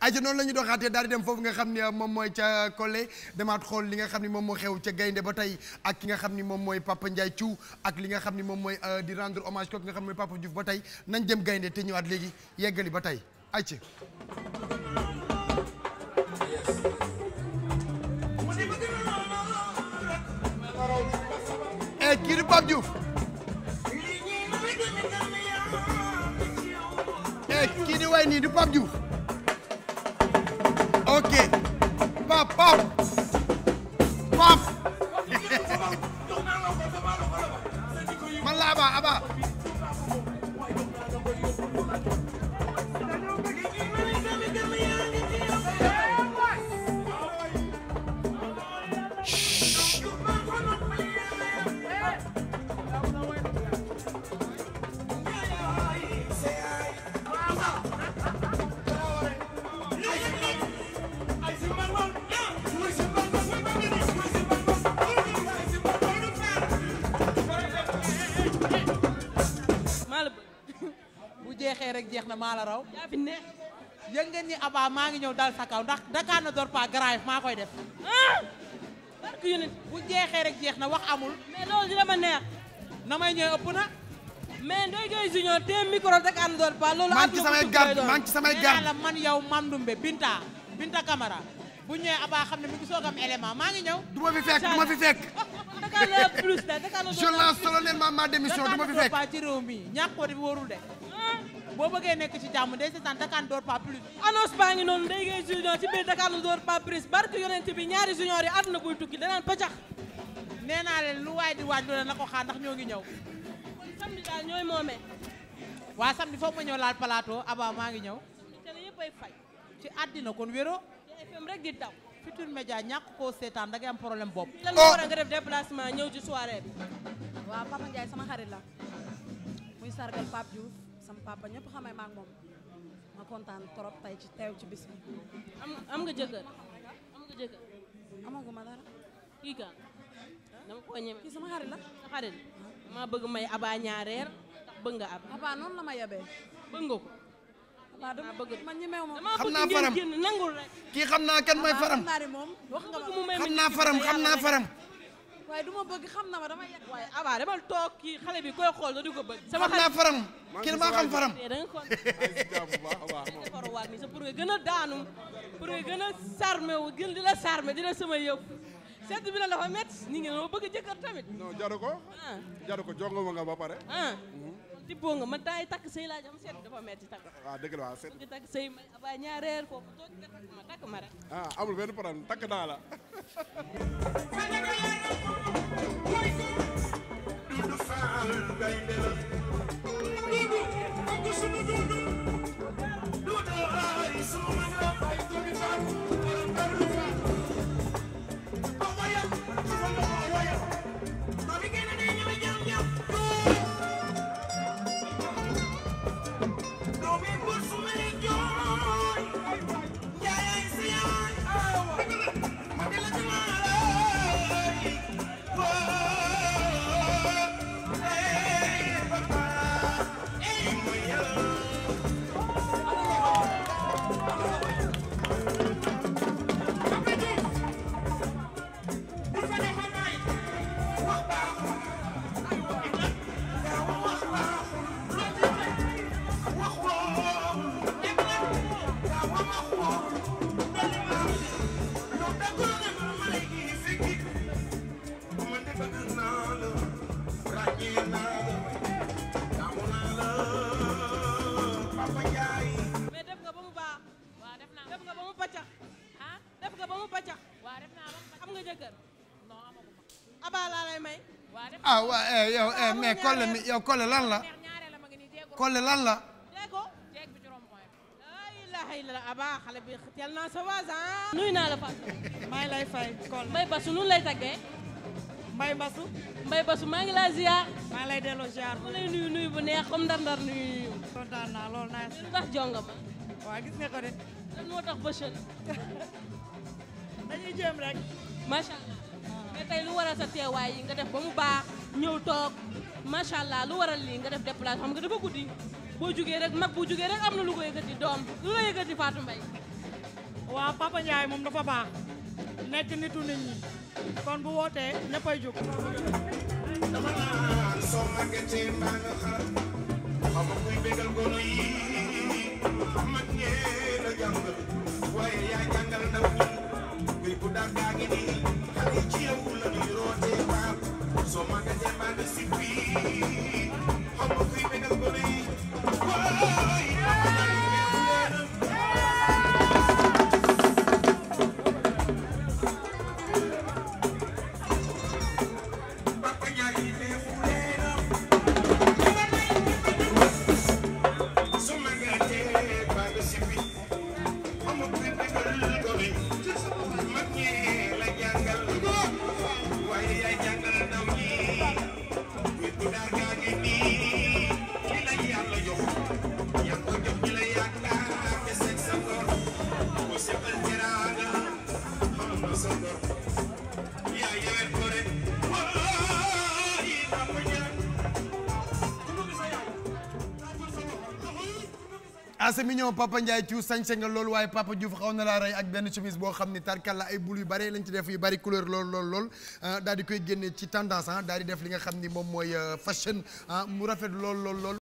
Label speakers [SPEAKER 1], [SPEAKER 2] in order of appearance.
[SPEAKER 1] aja noonu la ñu doxaatee daal di dem foofu nga xam ne moom mooy ca Collé demaat xool li nga xam ne moom moo xew ca gaynde ba tey ak nga xam ni moom mooy Papa Ndiaye Thiou ak li nga xam ni moom mooy euh, di rendre hommage kooku nga xam ne ba tey nañ dem gaynde te ñëwaat léegi yeggali ba tey aca e eh, kii di Pape Diouf eh, kii di way nii di Pape Diouf ok pap pap pap man la Aba xëyee rek jeex na maa la raw. yaa ne. yëg ngeen ni Aba maa ngi ñëw dal sa kaw ndax Dakar ne dort pas maa koy def. Ah! bu jeexee rek jeex na wax amul. mais loolu dama neex. na may ñëw ëpp na. mais Ndoye Gueye Junior te micro Dakar ne dort pas loolu. maa ngi ci samay garde yow Mandoumbe Binta Binta Camara bu ñu ñëwee xam ne mi maa ngi ñëw. du ma fi fekk du ma fi fekk. Dakar la plus la Dakar ma démission ci réew mi ñàkk ko warul de. boo bëggee nekk ci jàmm de seetaan Dakar ne dort plus. annonce baa ngi noonu Ndeye Gueye junior ci biir Dakar ne dort pas plus barke yonent bi ñaari junior yi àdduna buy tukki danaan pacax. nee naa leen lu waay di waaj loolu na ko xaar ndax ñoo ngi ñëw. kon samedi waa samedi foog ma ñëw laal plateau Aba maa ngi ñëw. yëpp ay fay. ci àddina kon wéro. FM rek di daw. Futurs Médias ñàkk koo seetaan da am problème bopp. lan oh. nga a nga def déplacement ñëw ci soirée bi. waaw Papa Ndiaye sama xarit la muy sargal Pape Diouf. sama papa ñëpp xamee ma ak moom ma kontaan trop tey ci teew ci bis bi. am am nga jëkkër am nga jëkkër. amaguma dara. kii kan dama ko ñeme. kii sama xarit la. sa xarit maa bëgg may abaa ñaareer tax bëgg nga ab. abaa noonu la ma yebee. bëgg nga ko. waaw dama man ñemew ma. xam naa faram nangul rek. kii xam naa kenn mooy faram. xam naa faram xam naa faram. waaye du ma bëgg xam na ma dama yàgg waaye abaa demal toog kii xale bi koy xool da di ko bëgg sama xam naa faram kii maa xam faram da nga kon defaruwaat nii sa pour nga gën a sarme gën di la sarme di la sama yëpp sedd bi na dafa métti ni ngi ma bëgg jëkkër tamit non jaru ko ah. jaru ko jongo ma nga ba pare ah. mhm. tibboo nga man daay takk sëy laa am seet dafa metti takk waaw ah, dëgg la waaw seet ñaareer kooku toog nga takk takk ma rek amul benn problème takk naa la Dudu Faal gaynde la ah waaw eh, yow eh, ah, mais Collé mi lan la Collé lan la. Ah. nuyu naa la Fatou. maa ngi lay fay Collé. Mbaye Basu nu lay tàggee. Mbaye Basu. Mbaye Basu maa ngi lay ziar. ma lay nuyu nuyu bu neex comme ndar-ndar nuyu. tax jonga ma. gis nga ko de. lan moo tax bëccëg. dañuy jéem rek. macha mais tey lu waral sa teewaay yi nga def ba mu baax ñëw toog macha lu waral lii nga def déplacement xam nga dafa guddi boo jugee rek mag bu jugee am na lu ko yëkkati doom lu la yëkkati Fatou Mbaye. waaw Papa Ndiaye moom dafa baax nekk nitu nit kon bu wootee ñëppay jóg. soo màggatee mbaa nga xar xaw ma kuy bégal gono yi mag ñi asa mignon papa Ndiaye Thiou sañse nga loolu waaye papa Diouf xaw na laa rey ak benn chemise boo xam ni tarkalla ay bul yu bare lañ ci def yu bari couleur lool lool lool ah, daal di koy génne ci tendance ah daal di def li nga xam ni moom mooy euh, fashion ah mu rafet lool lool lool